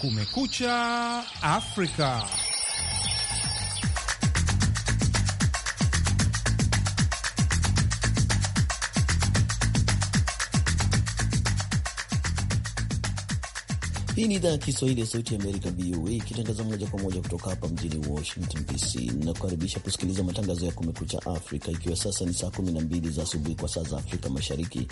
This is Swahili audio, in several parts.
Kumekucha Afrika. Hii ni idhaa ya Kiswahili ya Sauti ya Amerika, VOA, ikitangaza moja kwa moja kutoka hapa mjini Washington DC. Nakukaribisha kusikiliza matangazo ya Kumekucha Afrika, ikiwa sasa ni saa 12 za asubuhi kwa saa za Afrika Mashariki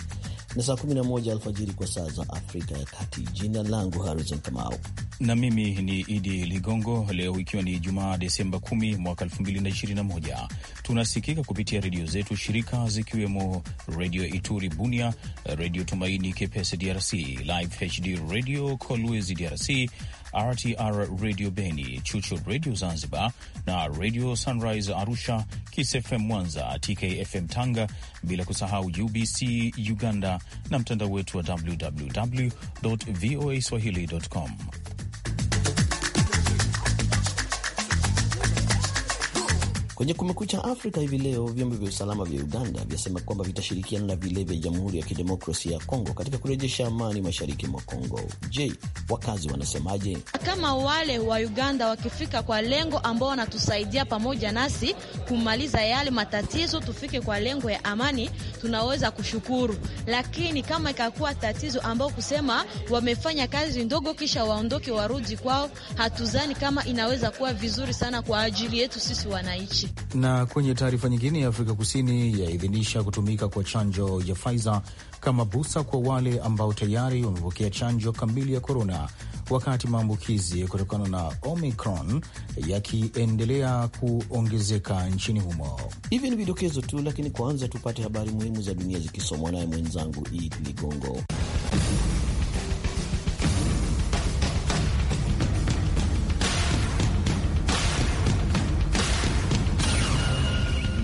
na saa 11 alfajiri kwa saa za Afrika ya Kati. Jina langu Harrison Kamau na mimi ni Idi Ligongo. Leo ikiwa ni Jumaa, Desemba 10 mwaka 2021, tunasikika kupitia redio zetu shirika zikiwemo Redio Ituri Bunia, Redio Tumaini Kepese DRC, Live HD Radio Kolwe Kolwezi DRC, RTR Radio Beni, Chuchu Radio Zanzibar na Radio Sunrise Arusha, KisFM Mwanza, TKFM Tanga, bila kusahau UBC Uganda na mtandao wetu wa www voa swahili.com. Kwenye Kumekucha Afrika hivi leo, vyombo vya usalama vya Uganda vyasema kwamba vitashirikiana na vile vya Jamhuri ya Kidemokrasia ya Kongo katika kurejesha amani mashariki mwa Kongo. Je, wakazi wanasemaje? Kama wale wa Uganda wakifika kwa lengo ambao wanatusaidia pamoja nasi kumaliza yale matatizo, tufike kwa lengo ya amani, tunaweza kushukuru. Lakini kama ikakuwa tatizo ambao kusema wamefanya kazi ndogo kisha waondoke warudi kwao, hatuzani kama inaweza kuwa vizuri sana kwa ajili yetu sisi wananchi. Na kwenye taarifa nyingine, ya Afrika Kusini yaidhinisha kutumika kwa chanjo ya Pfizer kama busa kwa wale ambao tayari wamepokea chanjo kamili ya korona, wakati maambukizi kutokana na Omicron yakiendelea kuongezeka nchini humo. Hivyo ni vidokezo tu, lakini kwanza tupate habari muhimu za dunia zikisomwa naye mwenzangu Idi Ligongo.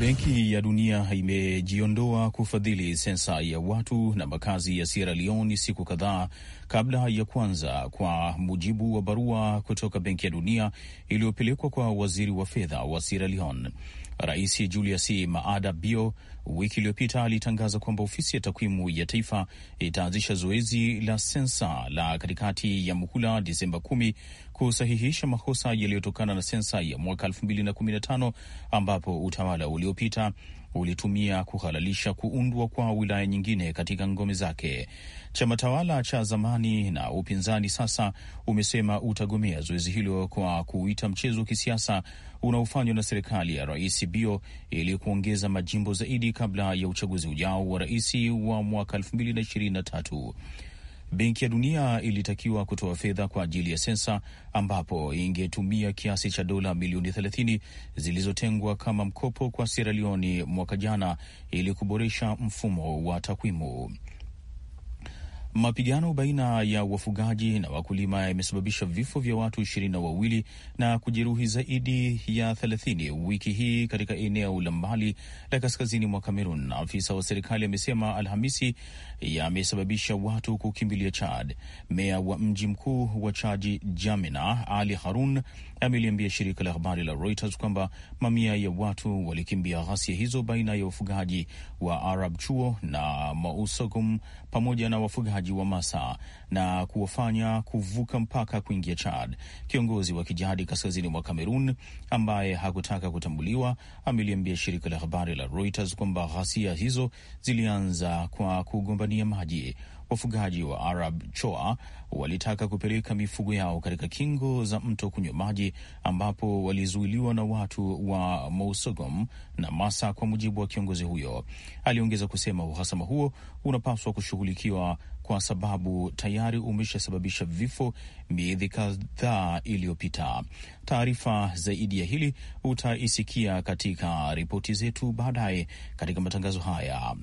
Benki ya Dunia imejiondoa kufadhili sensa ya watu na makazi ya Sierra Leone siku kadhaa kabla ya kuanza, kwa mujibu wa barua kutoka Benki ya Dunia iliyopelekwa kwa waziri wa fedha wa Sierra Leone. Rais Julius Maada Bio wiki iliyopita alitangaza kwamba ofisi ya takwimu ya taifa itaanzisha zoezi la sensa la katikati ya muhula Disemba kumi kusahihisha makosa yaliyotokana na sensa ya mwaka elfu mbili na kumi na tano ambapo utawala uliopita ulitumia kuhalalisha kuundwa kwa wilaya nyingine katika ngome zake. Chama tawala cha zamani na upinzani sasa umesema utagomea zoezi hilo kwa kuita mchezo wa kisiasa unaofanywa na serikali ya Rais Bio ili kuongeza majimbo zaidi kabla ya uchaguzi ujao wa rais wa mwaka 2023. Benki ya Dunia ilitakiwa kutoa fedha kwa ajili ya sensa, ambapo ingetumia kiasi cha dola milioni 30 zilizotengwa kama mkopo kwa Sierra Leone mwaka jana ili kuboresha mfumo wa takwimu. Mapigano baina ya wafugaji na wakulima yamesababisha vifo vya watu ishirini na wawili na kujeruhi zaidi ya thelathini wiki hii katika eneo la mbali la kaskazini mwa Kamerun, afisa wa serikali amesema Alhamisi, yamesababisha watu kukimbilia Chad. Meya wa mji mkuu wa Chadi, jamina Ali Harun, ameliambia shirika la habari la Reuters kwamba mamia ya watu walikimbia ghasia hizo baina ya wafugaji wa Arab Chuo na mausogum pamoja na wafugaji wa Masa na kuwafanya kuvuka mpaka kuingia Chad. Kiongozi wa kijadi kaskazini mwa Kamerun ambaye hakutaka kutambuliwa ameliambia shirika la habari la Reuters kwamba ghasia hizo zilianza kwa kugombania ndani ya maji. Wafugaji wa Arab Choa walitaka kupeleka mifugo yao katika kingo za mto kunywa maji, ambapo walizuiliwa na watu wa Mousogom na Masa. Kwa mujibu wa kiongozi huyo, aliongeza kusema uhasama huo unapaswa kushughulikiwa kwa sababu tayari umeshasababisha vifo miezi kadhaa iliyopita. Taarifa zaidi ya hili utaisikia katika ripoti zetu baadaye katika matangazo haya.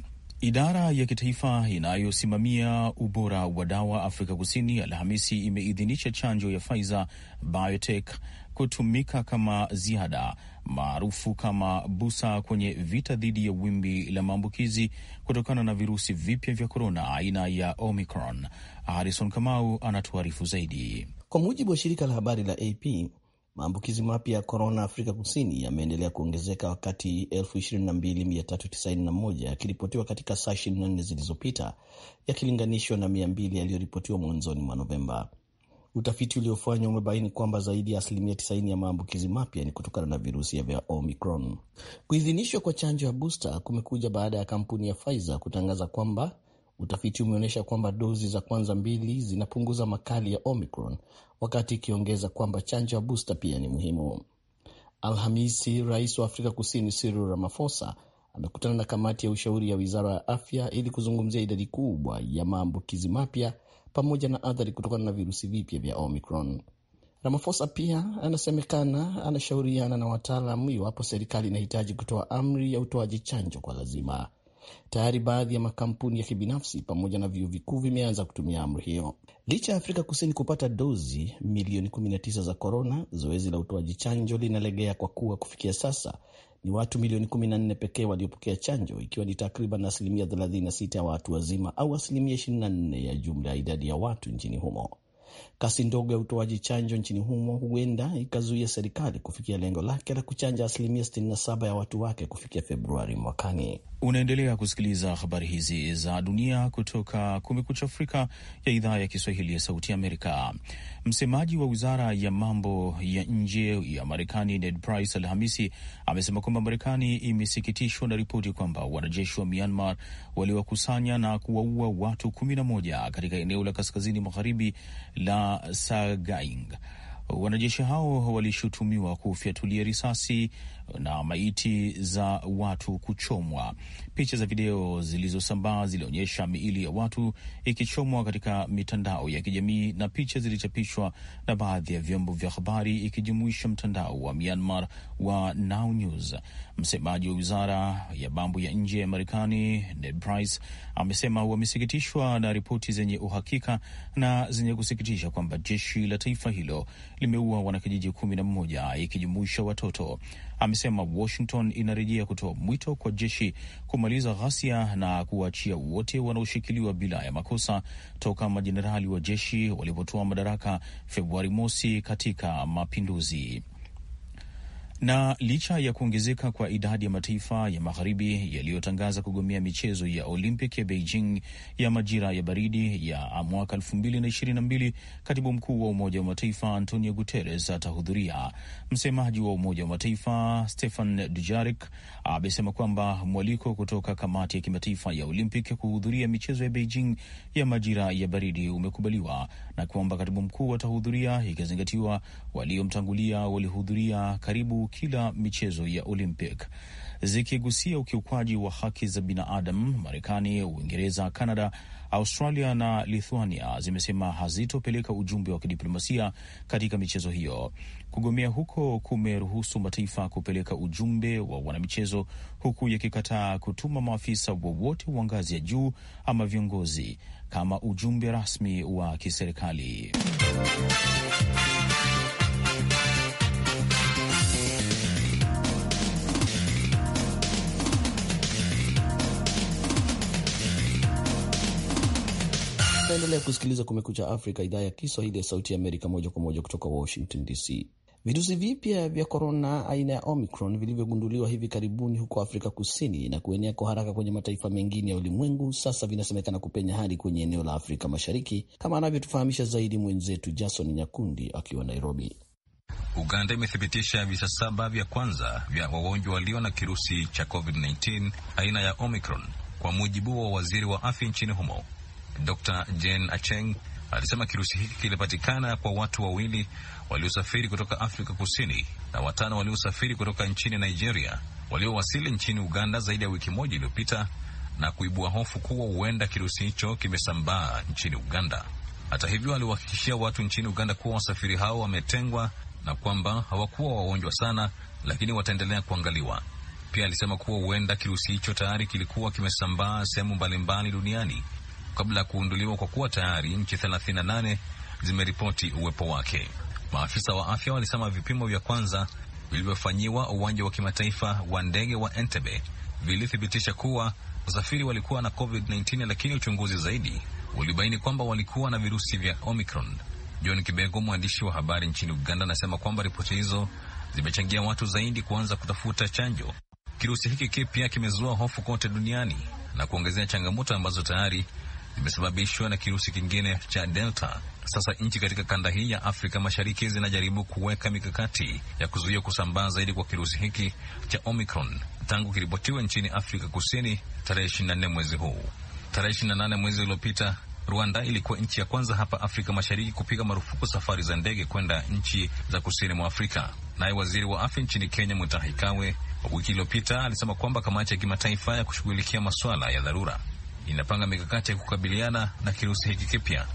Idara ya kitaifa inayosimamia ubora wa dawa Afrika Kusini Alhamisi imeidhinisha chanjo ya Pfizer BioNTech kutumika kama ziada maarufu kama busa kwenye vita dhidi ya wimbi la maambukizi kutokana na virusi vipya vya korona aina ya Omicron. Harrison Kamau anatuarifu zaidi. Kwa mujibu wa shirika la habari la AP, Maambukizi mapya ya korona Afrika Kusini yameendelea kuongezeka wakati 22391 yakiripotiwa katika saa 24 zilizopita yakilinganishwa na 200 yaliyoripotiwa mwanzoni mwa Novemba. Utafiti uliofanywa umebaini kwamba zaidi ya asilimia 90 ya maambukizi mapya ni kutokana na virusi vya Omicron. Kuidhinishwa kwa chanjo ya busta kumekuja baada ya kampuni ya Pfizer kutangaza kwamba Utafiti umeonyesha kwamba dozi za kwanza mbili zinapunguza makali ya Omicron, wakati ikiongeza kwamba chanjo ya busta pia ni muhimu. Alhamisi, rais wa Afrika Kusini Cyril Ramaphosa amekutana na kamati ya ushauri ya wizara ya afya ili kuzungumzia idadi kubwa ya maambukizi mapya pamoja na athari kutokana na virusi vipya vya Omicron. Ramaphosa pia anasemekana anashauriana na wataalam iwapo serikali inahitaji kutoa amri ya utoaji chanjo kwa lazima. Tayari baadhi ya makampuni ya kibinafsi pamoja na vyuo vikuu vimeanza kutumia amri hiyo. Licha ya Afrika Kusini kupata dozi milioni 19 za korona, zoezi la utoaji chanjo linalegea kwa kuwa kufikia sasa ni watu milioni 14 pekee waliopokea chanjo, ikiwa ni takriban asilimia 36 ya watu wazima au asilimia 24 ya jumla ya idadi ya watu nchini humo. Kasi ndogo ya utoaji chanjo nchini humo huenda ikazuia serikali kufikia lengo lake la kuchanja asilimia 67 ya watu wake kufikia Februari mwakani. Unaendelea kusikiliza habari hizi za dunia kutoka Kumekucha Afrika ya idhaa ya Kiswahili ya Sauti Amerika. Msemaji wa wizara ya mambo ya nje ya Marekani Ned Price Alhamisi amesema kwamba Marekani imesikitishwa na ripoti kwamba wanajeshi wa Myanmar waliwakusanya na kuwaua watu 11 moja katika eneo la kaskazini magharibi la Sagaing. Wanajeshi hao walishutumiwa kufyatulia risasi na maiti za watu kuchomwa. Picha za video zilizosambaa zilionyesha miili ya watu ikichomwa katika mitandao ya kijamii, na picha zilichapishwa na baadhi ya vyombo vya habari ikijumuisha mtandao wa Myanmar wa Now News. Msemaji wa wizara ya mambo ya nje ya Marekani Ned Price amesema wamesikitishwa na ripoti zenye uhakika na zenye kusikitisha kwamba jeshi la taifa hilo limeua wanakijiji kumi na mmoja ikijumuisha watoto. Amesema Washington inarejea kutoa mwito kwa jeshi kumaliza ghasia na kuwaachia wote wanaoshikiliwa bila ya makosa toka majenerali wa jeshi walipotoa madaraka Februari mosi katika mapinduzi. Na licha ya kuongezeka kwa idadi ya mataifa ya magharibi yaliyotangaza kugomea michezo ya Olympic ya Beijing ya majira ya baridi ya mwaka 2022, katibu mkuu wa Umoja wa Mataifa Antonio Guterres atahudhuria. Msemaji wa Umoja wa Mataifa Stefan Dujarik amesema kwamba mwaliko kutoka kamati ya kimataifa ya Olympic kuhudhuria michezo ya Beijing ya majira ya baridi umekubaliwa na kwamba katibu mkuu atahudhuria, ikizingatiwa waliomtangulia walihudhuria karibu kila michezo ya Olympic zikigusia ukiukwaji wa haki za binadamu. Marekani, Uingereza, Kanada, Australia na Lithuania zimesema hazitopeleka ujumbe wa kidiplomasia katika michezo hiyo. Kugomea huko kumeruhusu mataifa kupeleka ujumbe wa wanamichezo, huku yakikataa kutuma maafisa wowote wa ngazi ya juu ama viongozi kama ujumbe rasmi wa kiserikali. Unaendelea kusikiliza Kumekucha Afrika, idhaa ya Kiswahili ya Sauti ya Amerika, moja kwa moja kutoka Washington DC. Virusi vipya vya korona aina ya Omicron vilivyogunduliwa hivi karibuni huko Afrika Kusini na kuenea kwa haraka kwenye mataifa mengine ya ulimwengu, sasa vinasemekana kupenya hadi kwenye eneo la Afrika Mashariki, kama anavyotufahamisha zaidi mwenzetu Jason Nyakundi akiwa Nairobi. Uganda imethibitisha visa saba vya kwanza vya wagonjwa walio na kirusi cha COVID-19 aina ya Omicron, kwa mujibu wa waziri wa afya nchini humo. Dr Jane Acheng alisema kirusi hiki kilipatikana kwa watu wawili waliosafiri kutoka Afrika Kusini na watano waliosafiri kutoka nchini Nigeria waliowasili nchini Uganda zaidi ya wiki moja iliyopita na kuibua hofu kuwa huenda kirusi hicho kimesambaa nchini Uganda. Hata hivyo, aliwahakikishia watu nchini Uganda kuwa wasafiri hao wametengwa na kwamba hawakuwa wagonjwa sana, lakini wataendelea kuangaliwa. Pia alisema kuwa huenda kirusi hicho tayari kilikuwa kimesambaa sehemu mbalimbali duniani kabla ya kuunduliwa kwa kuwa tayari nchi 38 zimeripoti uwepo wake. Maafisa wa afya walisema vipimo vya kwanza vilivyofanyiwa uwanja wa kimataifa wa ndege wa Entebbe vilithibitisha kuwa wasafiri walikuwa na COVID-19, lakini uchunguzi zaidi ulibaini kwamba walikuwa na virusi vya Omicron. John Kibego, mwandishi wa habari nchini Uganda, anasema kwamba ripoti hizo zimechangia watu zaidi kuanza kutafuta chanjo. Kirusi hiki kipya kimezua hofu kote duniani na kuongezea changamoto ambazo tayari imesababishwa na kirusi kingine cha Delta. Sasa nchi katika kanda hii ya Afrika Mashariki zinajaribu kuweka mikakati ya kuzuia kusambaa zaidi kwa kirusi hiki cha Omicron tangu kiripotiwa nchini Afrika Kusini tarehe 24 mwezi huu. Tarehe 28 mwezi uliopita, Rwanda ilikuwa nchi ya kwanza hapa Afrika Mashariki kupiga marufuku safari za ndege kwenda nchi za kusini mwa Afrika. Naye waziri wa afya nchini Kenya, Mutahi Kagwe, wiki iliyopita alisema kwamba kamati ya kimataifa ya kushughulikia masuala ya dharura inapanga mikakati ya kukabiliana na kirusi hiki kipya,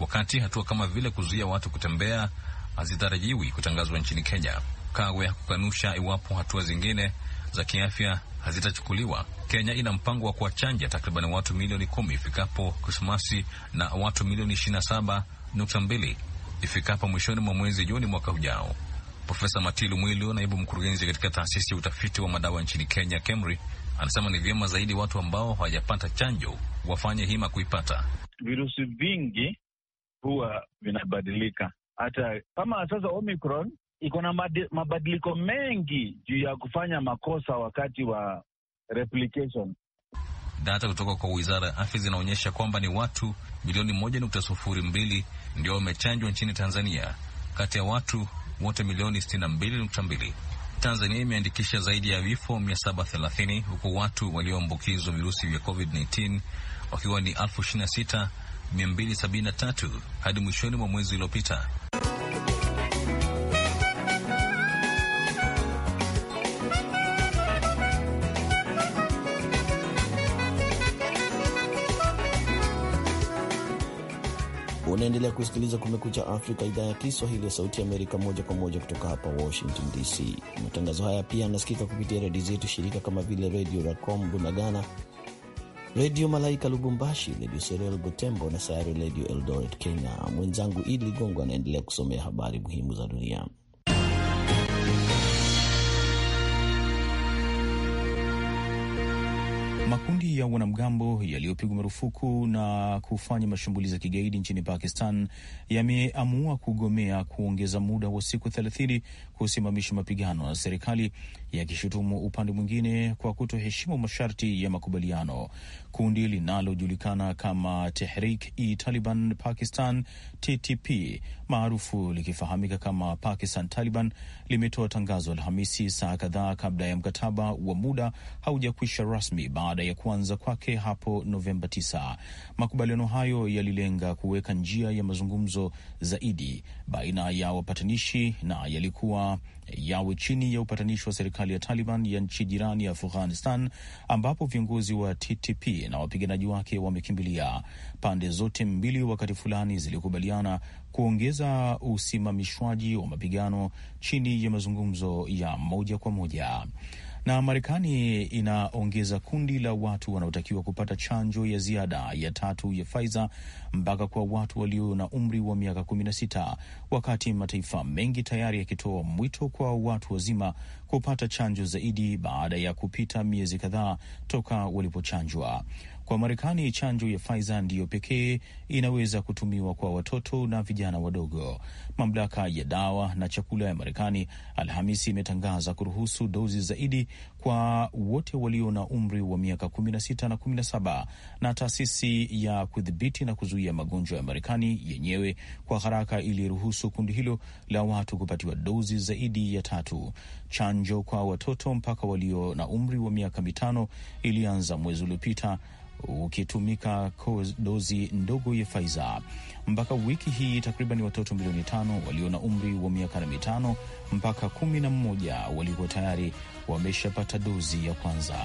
wakati hatua kama vile kuzuia watu kutembea hazitarajiwi kutangazwa nchini Kenya. Kagwe hakukanusha iwapo hatua zingine za kiafya hazitachukuliwa. Kenya ina mpango wa kuwachanja takriban watu milioni kumi ifikapo Krismasi na watu milioni ishirini na saba nukta mbili ifikapo mwishoni mwa mwezi Juni mwaka ujao. Profesa Matilu Mwilu, naibu mkurugenzi katika taasisi ya utafiti wa madawa nchini Kenya, KEMRI, Anasema ni vyema zaidi watu ambao hawajapata chanjo wafanye hima kuipata. Virusi vingi huwa vinabadilika, hata kama sasa Omicron iko na mabadiliko mengi juu ya kufanya makosa wakati wa replication. Data kutoka kwa wizara ya afya zinaonyesha kwamba ni watu milioni moja nukta sufuri mbili ndio wamechanjwa nchini Tanzania kati ya watu wote milioni sitini na mbili nukta mbili Tanzania imeandikisha zaidi ya vifo 730 huku watu walioambukizwa virusi vya COVID-19 wakiwa ni 26273 hadi mwishoni mwa mwezi uliopita, Unaendelea kusikiliza Kumekucha Afrika, idhaa ya Kiswahili ya Sauti ya Amerika, moja kwa moja kutoka hapa Washington DC. Matangazo haya pia yanasikika kupitia redio zetu shirika kama vile Redio Racom Bunagana, Redio Malaika Lubumbashi, Redio Serel Butembo na Sayari Redio Eldoret Kenya. Mwenzangu Idi Ligongo anaendelea kusomea habari muhimu za dunia. Makundi ya wanamgambo yaliyopigwa marufuku na kufanya mashambulizi ya kigaidi nchini Pakistan yameamua kugomea kuongeza muda wa siku thelathini kusimamisha mapigano na serikali, yakishutumu upande mwingine kwa kutoheshimu masharti ya makubaliano. Kundi linalojulikana kama Tehrik-i-Taliban Pakistan, TTP, maarufu likifahamika kama Pakistan Taliban, limetoa tangazo Alhamisi saa kadhaa kabla ya mkataba wa muda haujakwisha rasmi baada baada ya kuanza kwake hapo Novemba 9. Makubaliano hayo yalilenga kuweka njia ya mazungumzo zaidi baina ya wapatanishi na yalikuwa yawe chini ya upatanishi wa serikali ya Taliban ya nchi jirani ya Afghanistan, ambapo viongozi wa TTP na wapiganaji wake wamekimbilia. Pande zote mbili wakati fulani zilikubaliana kuongeza usimamishwaji wa mapigano chini ya mazungumzo ya moja kwa moja. Na Marekani inaongeza kundi la watu wanaotakiwa kupata chanjo ya ziada ya tatu ya Pfizer mpaka kwa watu walio na umri wa miaka kumi na sita wakati mataifa mengi tayari yakitoa mwito kwa watu wazima kupata chanjo zaidi baada ya kupita miezi kadhaa toka walipochanjwa. Kwa Marekani, chanjo ya Pfizer ndiyo pekee inaweza kutumiwa kwa watoto na vijana wadogo. Mamlaka ya dawa na chakula ya Marekani Alhamisi imetangaza kuruhusu dozi zaidi kwa wote walio na umri wa miaka 16 na 17, na taasisi ya kudhibiti na kuzuia magonjwa ya Marekani yenyewe kwa haraka iliruhusu kundi hilo la watu kupatiwa dozi zaidi ya tatu. Chanjo kwa watoto mpaka walio na umri wa miaka mitano ilianza mwezi uliopita ukitumika dozi ndogo ya Pfizer. Mpaka wiki hii takriban watoto milioni tano walio na umri wa miaka na mitano mpaka kumi na mmoja walikuwa tayari wameshapata dozi ya kwanza.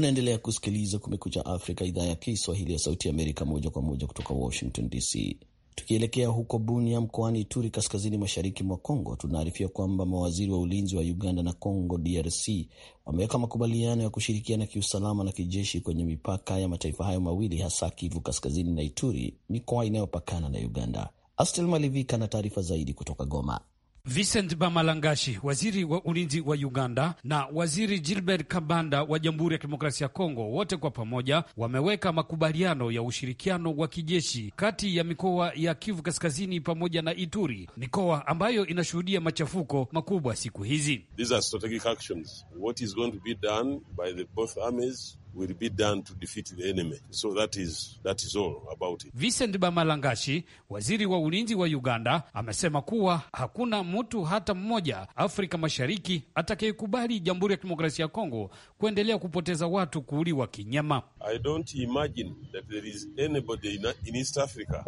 Unaendelea kusikiliza Kumekucha Afrika, idhaa ya Kiswahili ya Sauti ya Amerika, moja kwa moja kutoka Washington DC. Tukielekea huko Bunia mkoani Ituri, kaskazini mashariki mwa congo tunaarifia kwamba mawaziri wa ulinzi wa Uganda na congo DRC wameweka makubaliano ya kushirikiana kiusalama na kijeshi kwenye mipaka ya mataifa hayo mawili, hasa Kivu Kaskazini na Ituri, mikoa inayopakana na Uganda. Astel Malivika na taarifa zaidi kutoka Goma. Vincent Bamalangashi, waziri wa ulinzi wa Uganda, na waziri Gilbert Kabanda wa Jamhuri ya Kidemokrasia ya Kongo, wote kwa pamoja wameweka makubaliano ya ushirikiano wa kijeshi kati ya mikoa ya Kivu Kaskazini pamoja na Ituri, mikoa ambayo inashuhudia machafuko makubwa siku hizi. These are strategic actions. What is going to be done by the both armies will be done to defeat the enemy. So that is, that is all about it. Vincent Bamalangashi, waziri wa ulinzi wa Uganda, amesema kuwa hakuna mtu hata mmoja Afrika Mashariki atakayekubali Jamhuri ya Kidemokrasia ya Kongo kuendelea kupoteza watu kuuliwa kinyama. I don't imagine that there is anybody in East Africa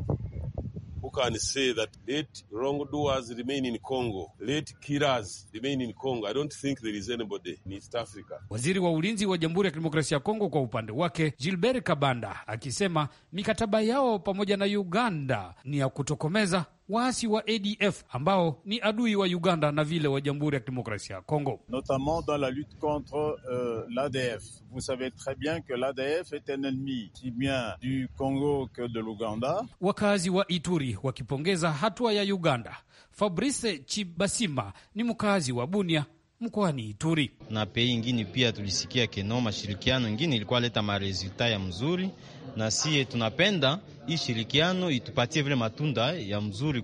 who can say that let wrongdoers remain in Congo, let killers remain in Congo. I don't think there is anybody in East Africa. Waziri wa ulinzi wa Jamhuri ya Kidemokrasia ya Kongo kwa upande wake Gilbert Kabanda akisema mikataba yao pamoja na Uganda ni ya kutokomeza waasi wa ADF ambao ni adui wa Uganda na vile wa Jamhuri ya Kidemokrasia ya Kongo, notamment dans la lutte contre uh, l'ADF. Vous savez très bien que l'ADF est un ennemi si bien du Congo que de l'Uganda. Wakazi wa Ituri wakipongeza hatua ya Uganda. Fabrice Chibasima ni mkazi wa Bunia mkoani Ituri na pei ingine. Pia tulisikia keno mashirikiano ingine ilikuwa leta maresulta ya mzuri, na siye tunapenda hii shirikiano itupatie vile matunda ya mzuri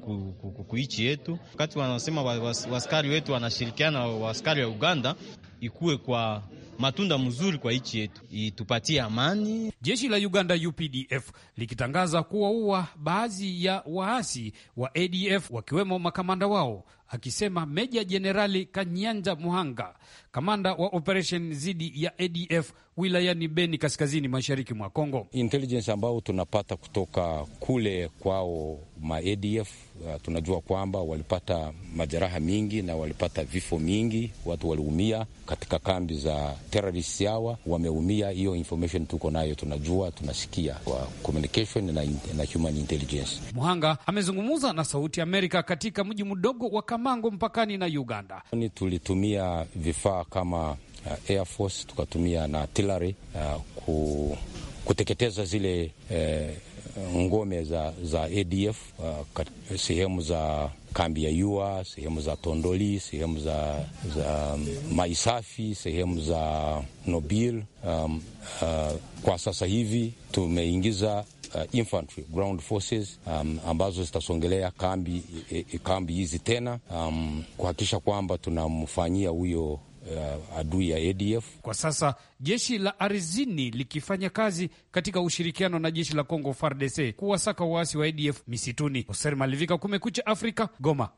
kuichi yetu. Wakati wanasema waskari wetu wanashirikiana waskari wa Uganda, ikuwe kwa matunda mzuri kwa nchi yetu, itupatie amani. Jeshi la Uganda UPDF likitangaza kuwaua baadhi ya waasi wa ADF wakiwemo makamanda wao akisema Meja Jenerali Kanyanja Muhanga, kamanda wa operesheni dhidi ya ADF wilayani Beni, kaskazini mashariki mwa Kongo. Intelligence ambao tunapata kutoka kule kwao maadf uh, tunajua kwamba walipata majeraha mingi na walipata vifo mingi, watu waliumia katika kambi za teroris hawa wameumia. Hiyo information tuko nayo, tunajua, tunasikia kwa communication na, na human intelligence. Muhanga amezungumza na Sauti Amerika katika mji mdogo wa Kamango mpakani na Uganda. Tulitumia vifaa kama uh, air force tukatumia na artillery uh, ku, kuteketeza zile uh, ngome za, za ADF uh, sehemu za kambi ya Yua, sehemu za Tondoli, sehemu za, za um, Maisafi, sehemu za Nobil. Um, uh, kwa sasa hivi tumeingiza Uh, infantry ground forces um, ambazo zitasongelea kambi, e, e, kambi hizi tena um, kuhakikisha kwamba tunamfanyia huyo uh, adui ya ADF. Kwa sasa jeshi la arizini likifanya kazi katika ushirikiano na jeshi la congo FARDC kuwasaka waasi wa ADF misituni. Hoser Malivika, Kumekucha Afrika, Goma.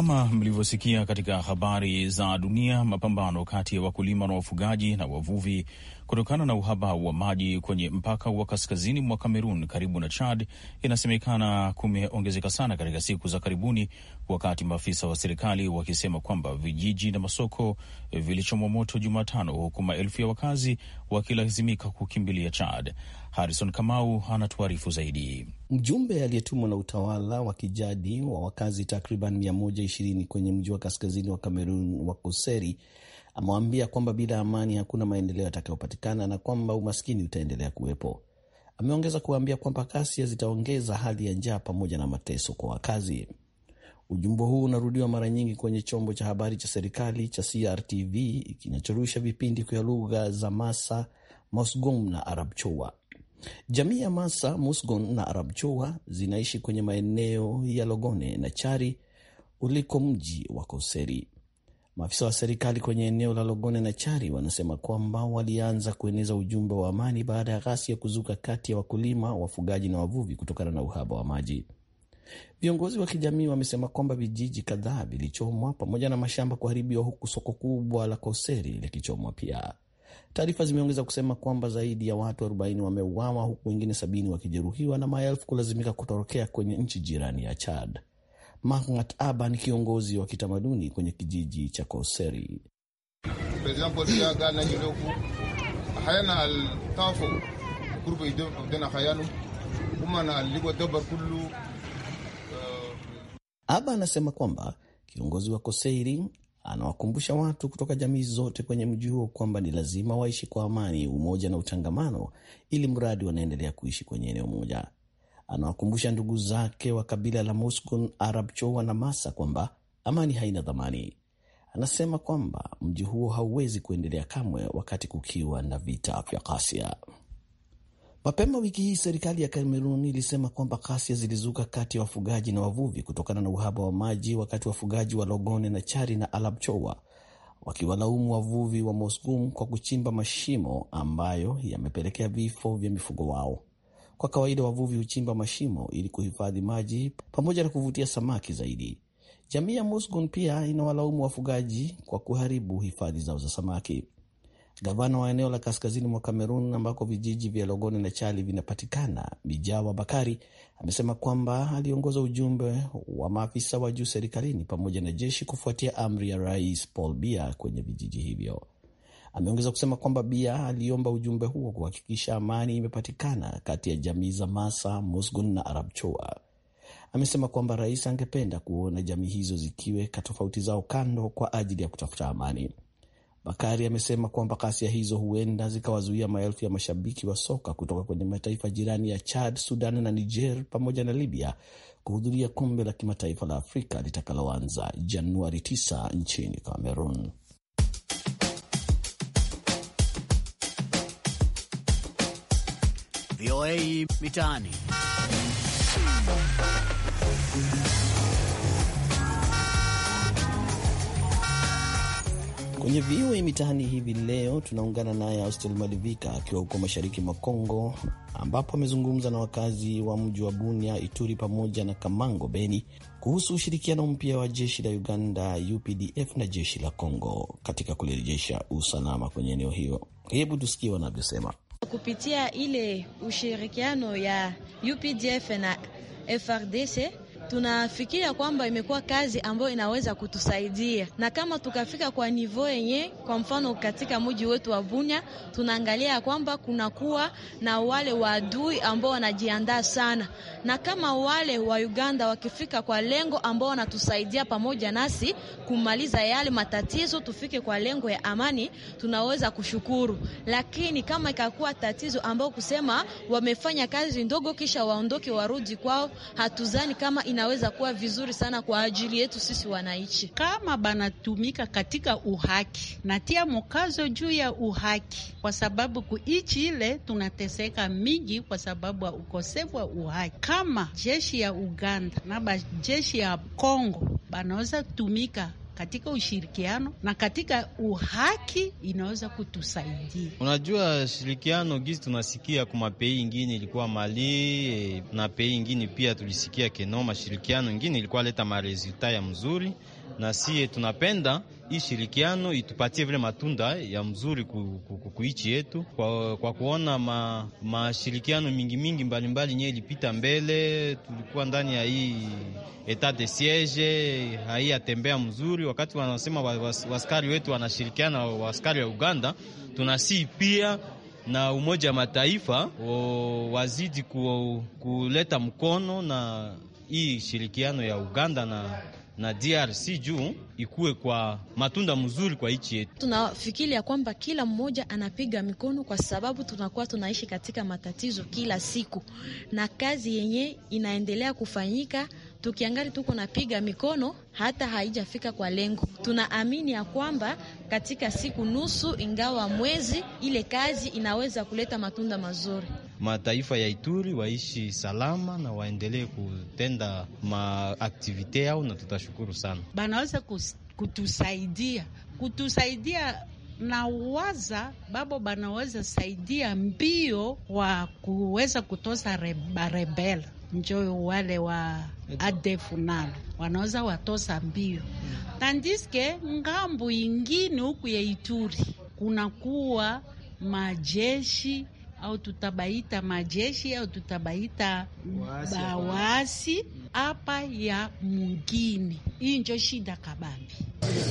Kama mlivyosikia katika habari za dunia, mapambano kati ya wakulima na wafugaji na wavuvi kutokana na uhaba wa maji kwenye mpaka wa kaskazini mwa Kamerun karibu na Chad inasemekana kumeongezeka sana katika siku za karibuni, wakati maafisa wa serikali wakisema kwamba vijiji na masoko vilichomwa moto Jumatano, huku maelfu ya wakazi wakilazimika kukimbilia Chad. Harrison Kamau anatuarifu zaidi. Mjumbe aliyetumwa na utawala wa kijadi wa wakazi takriban 120 kwenye mji wa kaskazini wa Kamerun wa Koseri amewaambia kwamba bila amani hakuna maendeleo yatakayopatikana na kwamba umaskini utaendelea kuwepo. Ameongeza kuwaambia kwamba kasia zitaongeza hali ya njaa pamoja na mateso kwa wakazi. Ujumbe huu unarudiwa mara nyingi kwenye chombo cha habari cha serikali cha CRTV kinachorusha vipindi kwa lugha za Masa, Musgum na arabchoa Jamii ya Masa, Musgum na arabchoa zinaishi kwenye maeneo ya Logone na Chari uliko mji wa Koseri. Maafisa wa serikali kwenye eneo la Logone na Chari wanasema kwamba walianza kueneza ujumbe wa amani baada ya ghasia kuzuka kati ya wakulima, wafugaji na wavuvi kutokana na uhaba wa maji. Viongozi wa kijamii wamesema kwamba vijiji kadhaa vilichomwa pamoja na mashamba kuharibiwa huku soko kubwa la Koseri likichomwa pia. Taarifa zimeongeza kusema kwamba zaidi ya watu 40 wameuawa huku wengine 70 wakijeruhiwa na maelfu kulazimika kutorokea kwenye nchi jirani ya Chad. Mahmat Aba ni kiongozi wa kitamaduni kwenye kijiji cha Koseri. Aba anasema kwamba kiongozi wa Koseiri anawakumbusha watu kutoka jamii zote kwenye mji huo kwamba ni lazima waishi kwa amani, umoja na utangamano, ili mradi wanaendelea kuishi kwenye eneo moja. Anawakumbusha ndugu zake wa kabila la Musgun, Arab, Chowa na Masa kwamba amani haina dhamani. Anasema kwamba mji huo hauwezi kuendelea kamwe wakati kukiwa na vita vya ghasia. Mapema wiki hii serikali ya Kamerun ilisema kwamba ghasia zilizuka kati ya wafugaji na wavuvi kutokana na uhaba wa maji, wakati wafugaji wa Logone na Chari na Alabchowa wakiwalaumu wavuvi wa Mosgum kwa kuchimba mashimo ambayo yamepelekea vifo vya mifugo wao. Kwa kawaida wavuvi huchimba mashimo ili kuhifadhi maji pamoja na kuvutia samaki zaidi. Jamii ya Mosgum pia inawalaumu wafugaji kwa kuharibu hifadhi zao za samaki. Gavana wa eneo la kaskazini mwa Kamerun ambako vijiji vya Logone na Chali vinapatikana, Mijawa Bakari amesema kwamba aliongoza ujumbe wa maafisa wa juu serikalini pamoja na jeshi kufuatia amri ya Rais Paul bia kwenye vijiji hivyo. Ameongeza kusema kwamba bia aliomba ujumbe huo kuhakikisha amani imepatikana kati ya jamii za Masa, Musgun na Arabchoa. Amesema kwamba rais angependa kuona jamii hizo zikiweka tofauti zao kando kwa ajili ya kutafuta amani. Bakari amesema kwamba ghasia hizo huenda zikawazuia maelfu ya mashabiki wa soka kutoka kwenye mataifa jirani ya Chad, Sudan na Niger pamoja na Libya kuhudhuria kombe la kimataifa la Afrika litakaloanza Januari 9 nchini Cameroon. VOA Mitaani. Kwenye VOA Mitaani hivi leo tunaungana naye Austel Malivika akiwa huko mashariki mwa Kongo, ambapo amezungumza na wakazi wa mji wa Bunia, Ituri pamoja na Kamango, Beni, kuhusu ushirikiano mpya wa jeshi la Uganda UPDF na jeshi la Kongo katika kurejesha usalama kwenye eneo hiyo. Hebu tusikie wanavyosema kupitia ile ushirikiano ya UPDF na FRDC tunafikiria kwamba imekuwa kazi ambayo inaweza kutusaidia, na kama tukafika kwa nivo yenye, kwa mfano katika mji wetu wa Bunya, tunaangalia kwamba kunakuwa na wale waadui ambao wanajiandaa sana, na kama wale wa Uganda wakifika kwa lengo ambao wanatusaidia pamoja nasi kumaliza yale matatizo, tufike kwa lengo ya amani, tunaweza kushukuru. Lakini kama ikakuwa tatizo ambao kusema wamefanya kazi ndogo kisha waondoke warudi kwao, hatuzani kama ina inaweza kuwa vizuri sana kwa ajili yetu sisi wananchi, kama banatumika katika uhaki, natia mkazo juu ya uhaki, kwa sababu kuichi ile tunateseka mingi kwa sababu ya ukosefu wa uhaki. Kama jeshi ya Uganda na jeshi ya Kongo banaweza tumika katika ushirikiano na katika uhaki inaweza kutusaidia. Unajua, shirikiano gisi tunasikia kumapei ingine ilikuwa Mali e, na pei ingine pia tulisikia Kenoma, shirikiano ingine ilikuwa leta maresulta ya mzuri na sie tunapenda hii shirikiano itupatie vile matunda ya mzuri kuichi yetu kwa, kwa kuona ma, mashirikiano mingi mingi mbalimbali nyewe ilipita mbele. Tulikuwa ndani ya hii etat de siege yatembea mzuri, wakati wanasema waskari wetu wanashirikiana na waskari wa Uganda, tunasii pia na Umoja wa Mataifa wazidi ku, kuleta mkono na hii shirikiano ya Uganda na na DRC juu ikuwe kwa matunda mzuri kwa nchi yetu. Tunafikiri ya kwamba kila mmoja anapiga mikono, kwa sababu tunakuwa tunaishi katika matatizo kila siku, na kazi yenye inaendelea kufanyika tukiangali tuko napiga mikono hata haijafika kwa lengo. Tunaamini ya kwamba katika siku nusu, ingawa mwezi, ile kazi inaweza kuleta matunda mazuri. Mataifa ya Ituri waishi salama na waendelee kutenda maaktivite yao, na tutashukuru sana. Banaweza kutusaidia kutusaidia na waza babo banaweza saidia mbio wa kuweza kutosa barebela njo wale wa adefu nalo wanaweza watosa mbio, tandiske ngambo ingine huku ya Ituri kunakuwa majeshi au tutabaita majeshi au tutabaita bawasi hapa ya mwingine. Hii njo shida kabambi.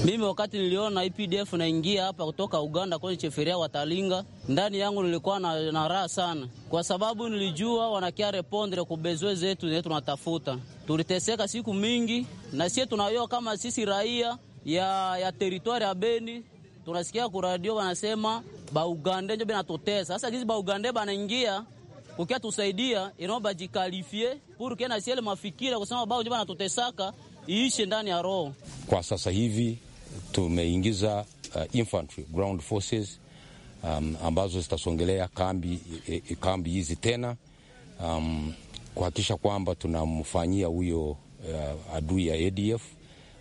Mimi wakati niliona IPDF naingia hapa kutoka Uganda kwenye cheferia Watalinga, ndani yangu nilikuwa na, na raha sana, kwa sababu nilijua wanakia repondre kubezwe zetu ne tunatafuta. Tuliteseka siku mingi, na sie tunayoa kama sisi raia ya, ya teritwari ya Beni tunasikia ku radio wanasema Uganda njo binatutesa sasa, gizi baugande banaingia kukia tusaidia, ino bajikalifie pour que na ciel mafikira kusema bao njo banatutesaka iishe ndani ya roho. Kwa sasa hivi tumeingiza uh, infantry ground forces um, ambazo zitasongelea kambi e, e, kambi hizi tena um, kuhakikisha kwamba tunamfanyia huyo uh, adui ya ADF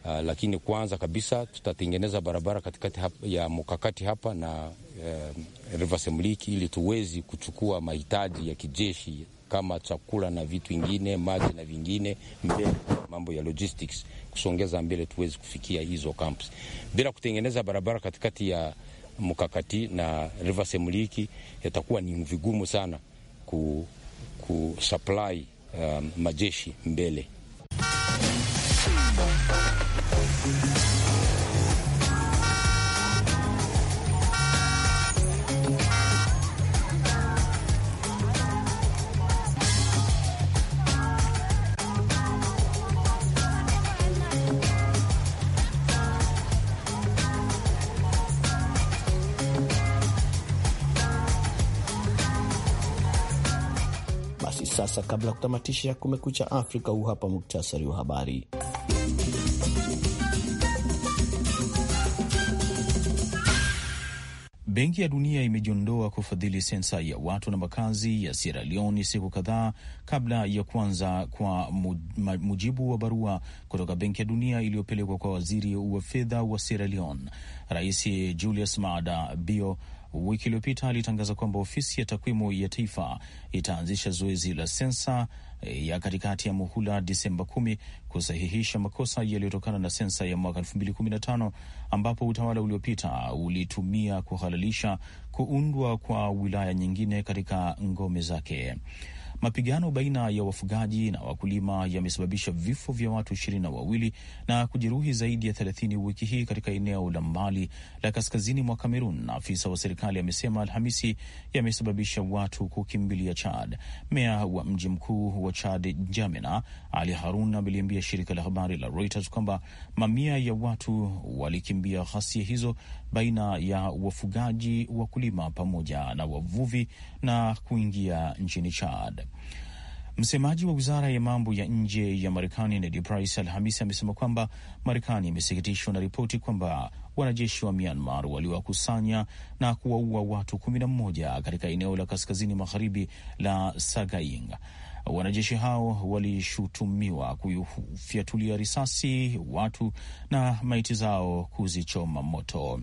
Uh, lakini kwanza kabisa tutatengeneza barabara katikati hapa, ya mkakati hapa na uh, River Semliki ili tuwezi kuchukua mahitaji ya kijeshi kama chakula na vitu vingine, maji na vingine mbele, mambo ya logistics kusongeza mbele, tuwezi kufikia hizo camps bila kutengeneza barabara katikati ya mkakati na River Semliki, yatakuwa ni vigumu sana ku, ku supply um, majeshi mbele sasa, kabla ya kutamatisha Kumekucha Afrika, huu hapa muktasari wa habari. Benki ya Dunia imejiondoa kufadhili sensa ya watu na makazi ya Sierra Leone siku kadhaa kabla ya kuanza, kwa mujibu wa barua kutoka Benki ya Dunia iliyopelekwa kwa waziri wa fedha wa Sierra Leone, Rais Julius Maada Bio wiki iliyopita alitangaza kwamba ofisi ya takwimu ya taifa itaanzisha zoezi la sensa e, ya katikati ya muhula Disemba kumi kusahihisha makosa yaliyotokana na sensa ya mwaka elfu mbili kumi na tano ambapo utawala uliopita ulitumia kuhalalisha kuundwa kwa wilaya nyingine katika ngome zake. Mapigano baina ya wafugaji na wakulima yamesababisha vifo vya watu ishirini na wawili na kujeruhi zaidi ya thelathini wiki hii katika eneo la mbali la kaskazini mwa Kamerun, na afisa wa serikali amesema Alhamisi yamesababisha watu kukimbilia Chad. Meya wa mji mkuu wa Chad, Njamena, Ali Harun ameliambia shirika la habari la Reuters kwamba mamia ya watu walikimbia ghasia hizo baina ya wafugaji, wakulima pamoja na wavuvi na kuingia nchini Chad. Jihad. Msemaji wa wizara ya mambo ya nje ya Marekani Ned Price Alhamisi amesema kwamba Marekani imesikitishwa na ripoti kwamba wanajeshi wa Myanmar waliwakusanya na kuwaua watu kumi na mmoja katika eneo la kaskazini magharibi la Sagaing. Wanajeshi hao walishutumiwa kufyatulia risasi watu na maiti zao kuzichoma moto.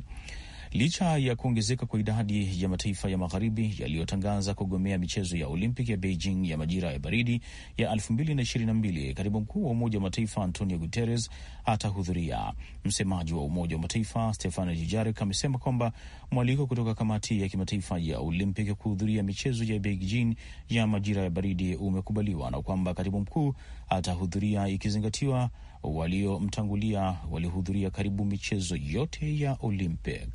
Licha ya kuongezeka kwa idadi ya mataifa ya magharibi yaliyotangaza kugomea michezo ya Olimpiki ya Beijing ya majira ya baridi ya 2022, katibu mkuu wa Umoja wa Mataifa Antonio Guterres atahudhuria. Msemaji wa Umoja wa Mataifa Stefano Dujarric amesema kwamba mwaliko kutoka Kamati ya Kimataifa ya Olimpiki kuhudhuria michezo ya Beijing ya majira ya baridi umekubaliwa na kwamba katibu mkuu atahudhuria ikizingatiwa waliomtangulia walihudhuria karibu michezo yote ya Olympic.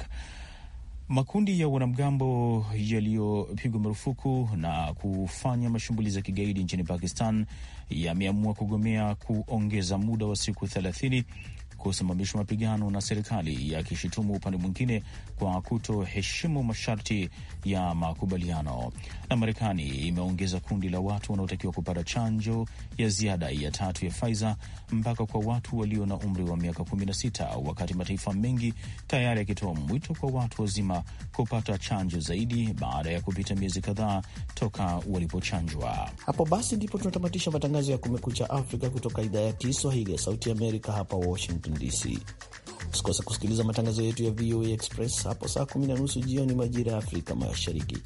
Makundi ya wanamgambo yaliyopigwa marufuku na kufanya mashambulizi ya kigaidi nchini Pakistan yameamua kugomea kuongeza muda wa siku thelathini kusimamisha mapigano na serikali yakishutumu upande mwingine kwa kutoheshimu masharti ya makubaliano. Na Marekani imeongeza kundi la watu wanaotakiwa kupata chanjo ya ziada ya tatu ya Pfizer mpaka kwa watu walio na umri wa miaka 16, wakati mataifa mengi tayari yakitoa mwito kwa watu wazima kupata chanjo zaidi baada ya kupita miezi kadhaa toka walipochanjwa. Hapo basi ndipo tunatamatisha matangazo ya Kumekucha Afrika kutoka idhaa ya Kiswahili ya Sauti Amerika hapa Washington. Washington DC. Usikose kusikiliza matangazo yetu ya VOA Express hapo saa kumi na nusu jioni majira ya Afrika Mashariki.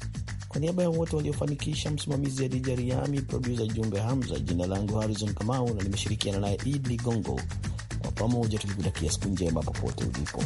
Kwa niaba ya wote waliofanikisha, msimamizi Adija Riami, produsa Jumbe Hamza, jina langu Harrison Kamau na nimeshirikiana naye Id gongo Kwa pamoja tukikutakia siku njema popote ulipo.